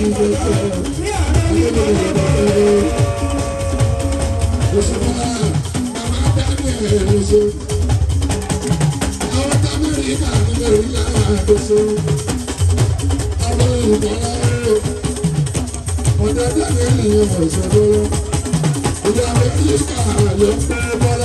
Ọjọ́ ìdájọ́ ènìyàn wọ̀ ìṣòro. Ìjọba ìlú kàrà ló pé bọ́.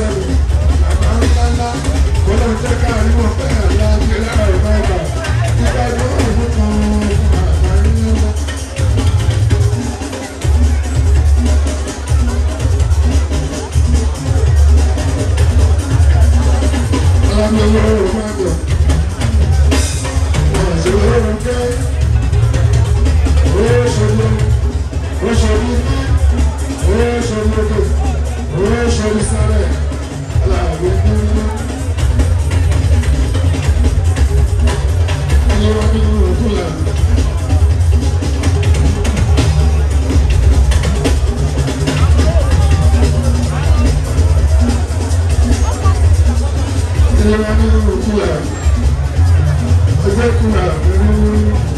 Thank you. wọn ní òkú ẹ̀ ọjọ́ kúrò àbúrú.